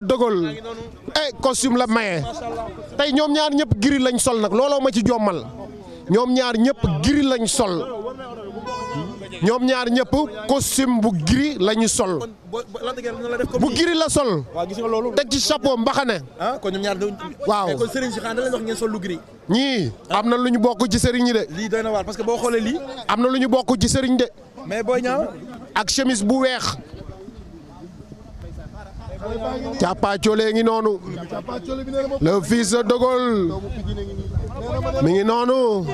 dëggal ay eh, costume la maye tey ñoom ñaar ñëpp giri lañ sol nag looloo ma ci jommal ñoom ñaar ñëpp lañ sol ñoom ñaar ñëpp costume bu giri lañu sol bu giri la sol teg ci chapeau mbaxane ah, waaw ñii am na lu ñu bokk ci sëriñ yi de lii doy na waar parce que boo xoolee lii am na lu ñu bokk ci sëriñ de mais booy ñaaw ak chemise bu weex càppaacolee ngi noonu le fils de Dogol mi ngi noonu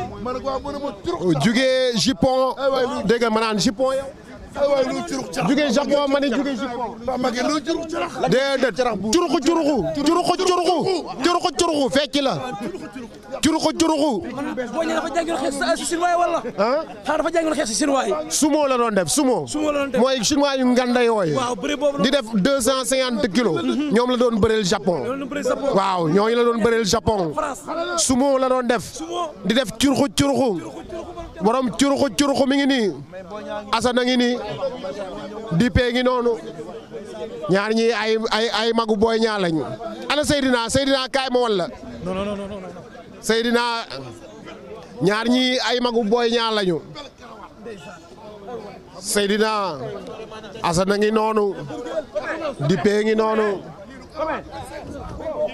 jugee Japon dégg nga ma naan Japon yow jugee Japon ma ne jugee Japon déedéet curuxu curuxu curuxu curuxu curuxu fecc la juruxu juruxu. boo ñëwee dafa jàngiwoon xeex si chinois yi wala. xanaa dafa jàngiwoon xeex si chinois la doon def sumo. sumo la doon def mooy chinois yu nganda yooyu. waaw bëri boobu di def deux cent cinquante kilos. ñoom la doon bëreel Japon. waaw ñooñu la doon bëreel Japon. sumo la doon def. di def curuxu curuxu. borom curuxu curuxu mi ngi nii. Assane a ngi nii. Dipee ngi noonu. ñaar ñii ay ay ay magu booy ñaar lañu. ana Seydina Seydina kaay ma walla. Seydina ñaar ñi ay magu booy ñaar lañu Seydina Assane ngi noonu Dipé ngi noonu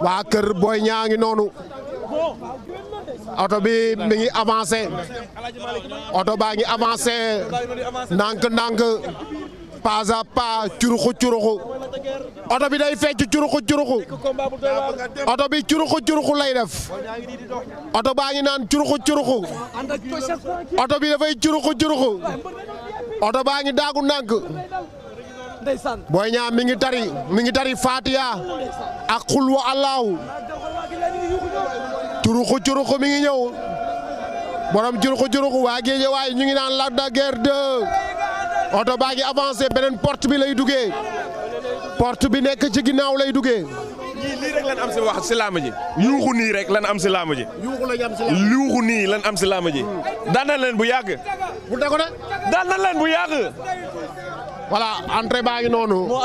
waa kër booy ñaa ngi noonu oto bi mi ngi avancé oto baa ngi avancé ndànk ndànk pas à pas curuxu curuxu oto bi day fecc curuxu curuxu oto bi curuxu curuxu lay def oto baa ngi naan curuxu curuxu oto bi dafay curuxu curuxu oto baa ngi daagu ndànk booy ñaa mi ngi tari mi ngi tari Faatiya ak xulwa Allahu curuxu curuxu mi ngi ñëw borom curuxu curuxu waa géej waaye ñu ngi naan Lac de Guiers oto baa ngi avancé beneen port bi lay duggee. porte bi nekk ci ginnaaw lay duggee. ñii lii rek lan am si wax si laama ji. yuuxu nii rek lan am si laama ji. yuuxu lañ am nii lan am si laama ji. Hmm. daan leen bu yàgg. bu dee ko de. daan leen bu yàgg. voilà entrée baa ngi noonu. moo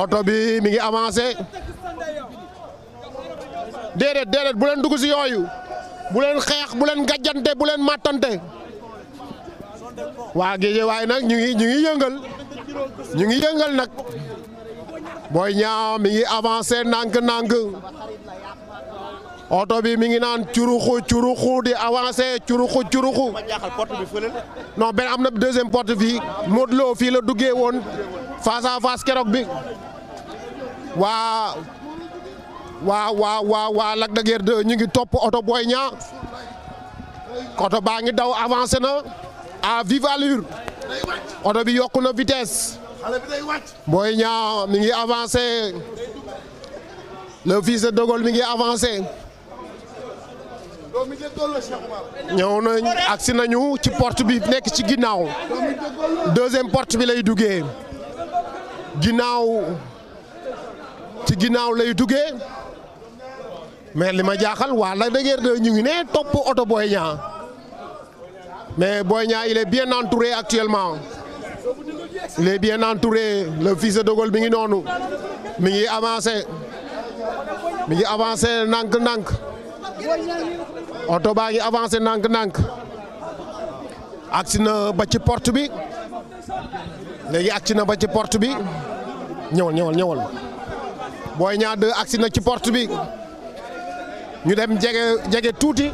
oto bi mi ngi avancé. déedéet déedéet bu leen dugg si yooyu. bu leen xeex bu leen gàjjante bu leen màttante. waa géej waaye nag ñu ngi ñu ngi yëngal. ñu ngi yëngal nag Boy Niang mi ngi avancé ndànk-ndànk oto bi mi ngi naan curuxu curuxu di avancé curuxu curuxu non benn am na deuxième porte fii Modou Lo fii la duggee woon face à face keroog bi waa waa waa waa waa Lac de Guiers ngi topp oto Boy Niang oto baa ngi daw avancé na à vive allure oto bi yokku na vitesse Boy ñaa mi ngi avancé le fils de Dogol mi ngi avancé ñëw nañ agsi nañu ci porte bi nekk ci ginnaaw deuxième porte bi lay duggee ginnaaw ci ginnaaw lay duggee mais li ma jaaxal waa la dëgër de ñu ngi ne topp oto Boy Niang Mais booy Niang il bien entouré actuellement il bien entouré le fils de Dogol mi ngi noonu mi ngi avancé mi ngi avancé ndànk-ndànk oto baa ngi avancé ndànk-ndànk agsi na ba ci porte bi léegi agsi na ba ci porte bi ñëwal ñëwal ñëwal Boy Niang 2 agsi na ci porte bi ñu dem jege jege tuuti.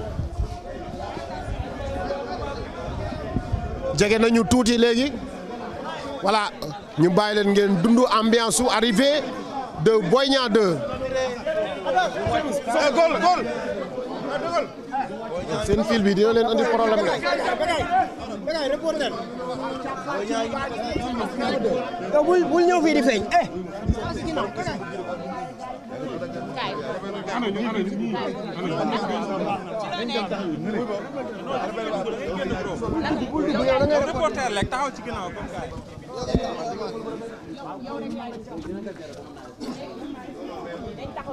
jege nañu tuuti léegi voilà ñu bàyyi leen ngeen dund ambiance su arrivée de Boy Niang 2 eh, seen fil bi dina leen andi problème la. a la taxaw ci ginnaaw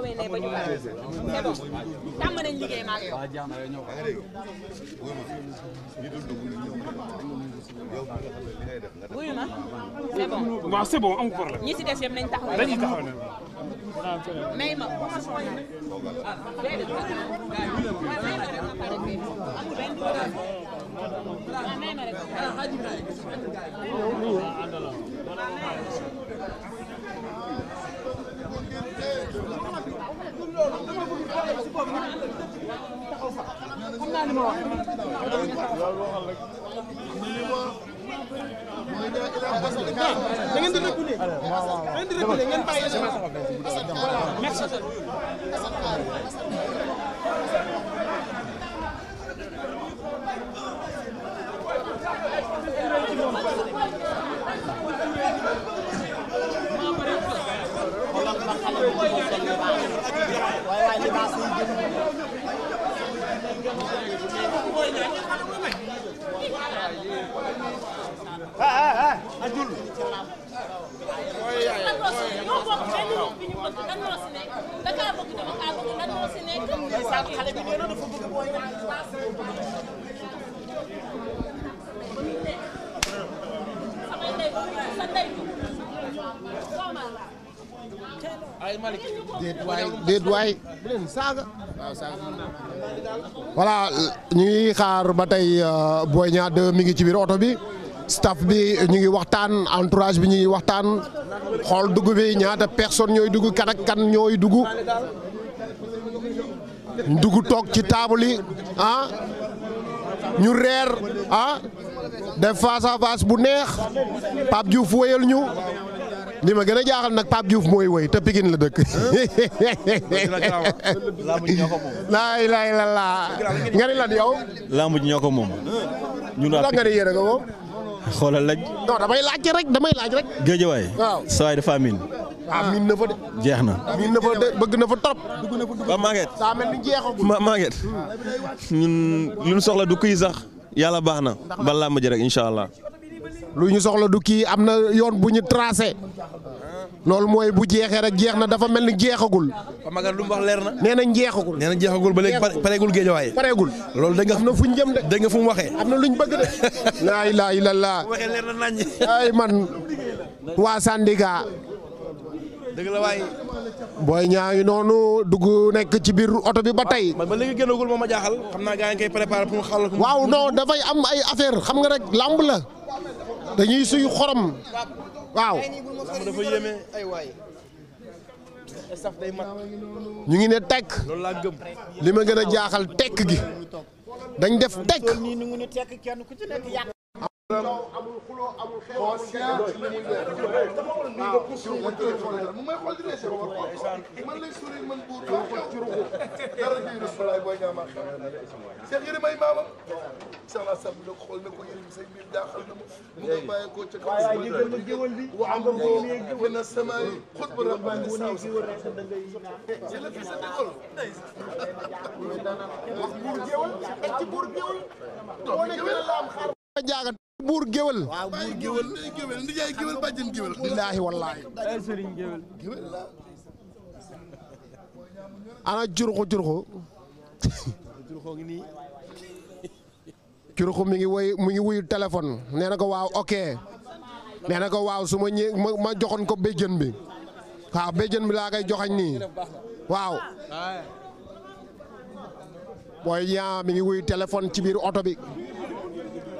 80 ba ñu pare liggéey ma ak yow. wuyu ma c'est bon. waaw c'est bon amul problème. ñi si des yëpp nañ taxaw dañuy taxaw ne may ma ah, rek da ngeen di reculer da ngeen di reculer ngeen bàyyi voilà merci waaye waaye li baax déet waay déet waay bu leen saaga voilà ñu ngi xaar ba tey euh, booy Niang mi ngi ci biir oto bi staff bi ñu ngi waxtaan entourage bi ñu ngi waxtaan xool dugg bi ñaata personne ñooy dugg kan ak kan ñooy dugg dugg toog ci table yi ah ñu reer ah def face à bu neex Pape Diouf wéyal ñu. li ma gën a jaaxal nag Pape Diouf mooy woy te Pikine la dëkk. laamu ji ñoo ko laa. lan yow. laamu ji ko moom. ñun waa Pikine nga ni a moom. xoolal laaj. damay laaj rek damay laaj rek. géejewaay. waaw saa waay dafa amin. amin ah, na jeex na. amin na fa de bëgg na fa trop. dugg na fa ñun soxla du kuy sax. yàlla baax na. ba làmb ji rek incha allah. lu ñu soxla du kii am na yoon bu ñu tracé loolu mooy bu jeexee rek jeex na dafa mel ni jeexagul. waaw lu mu wax leer na. nee na jeexagul. nee jeexagul ba léegi pareegul géej waaye. pareegul loolu dégg nga am na fu ñu jëm de. dégg nga fu mu waxee. am na lu ñu bëgg de. laa ilaaha illallaah. na nañ. ay dëgg la waay. booy ñaa ngi noonu dugg nekk ci biir oto bi ba tey. man ba léegi génnagul moom ma jaaxal. xam naa gaa ngi koy préparé pour mu xàll. waaw non dafay am ay affaire xam nga rek làmb la. dañuy suy xorom waaw ñu ngi ne tekk li ma gën a jaaxal tekk gi dañ def tekk amul xuloo amul xew amul xew ci li muy leer waaw sur ma téléphone la mu may xool di reese ko man lay sourire man buur ba xew ci ruxu dara jëy rasulaay booy ñaama xew Cheikh Yérim ay maamam sama sam la xool na ko Yérim say mbir daaxal na ma mu nga bàyyi ko ca kaw wa am ko wa na sama yi xut ba rabbaani saaw si ci la fi sa dégol wax buur géwal ci buur géwal moo nekk la am xaar jaagat buur géwél waaw buur géwél géwél ndi ana juruxu juruxu juruxu mi ngi woy mu ngi wuyu téléphone nee ko waaw ok nee ko waaw su ma ñëw ma joxoon ko béjjën bi waaw béjjën bi laa koy joxañ nii waaw booy ñaa mi ngi wuyu téléphone ci biir oto bi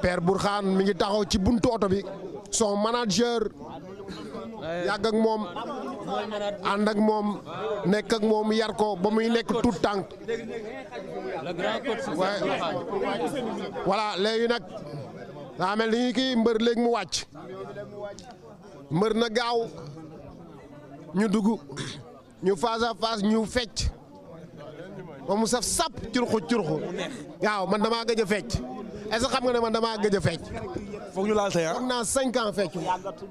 per Père Bourkhane mi ngi taxaw ci buntu bi son manager yàgg moom ànd ak moom nekk ak moom yar ko ba muy nekk tout tànk waaye voilà léegi nag daa mel ni kii mbër léegi mu wàcc mbër na gaaw ñu dugg ñu fas à face ñu fecc ba mu saf sap curxu curxu waaw man damaa gëj a fecc est xam nga ne ma damaa gëj a fecc. foog ñu laal tey ah naa cinq ans fecc.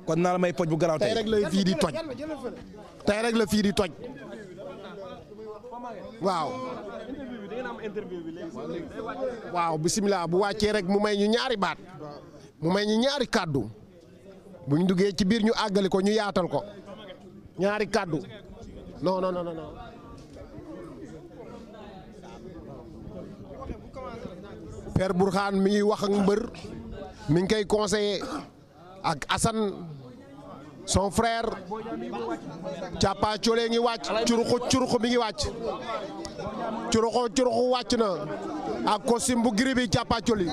kon naa la may poj bu garaaw tey rek la fii di toj. tey rek la fii di toj. waaw. waaw bisimilah bu wàccee rek mu may ñu ñaari baat. mu may ñu ñaari kàddu. bu ñu duggee ci biir ñu àggali ko ñu yaatal ko. ñaari kàddu. non Père Bourkhane mi ngi wax ak mbër mi ngi koy conseiller ak Assane son frère càppa cole ngi wàcc curuxu curuxu mi ngi wàcc curuxu curuxu wàcc na ak costume bu gris bi càppa coli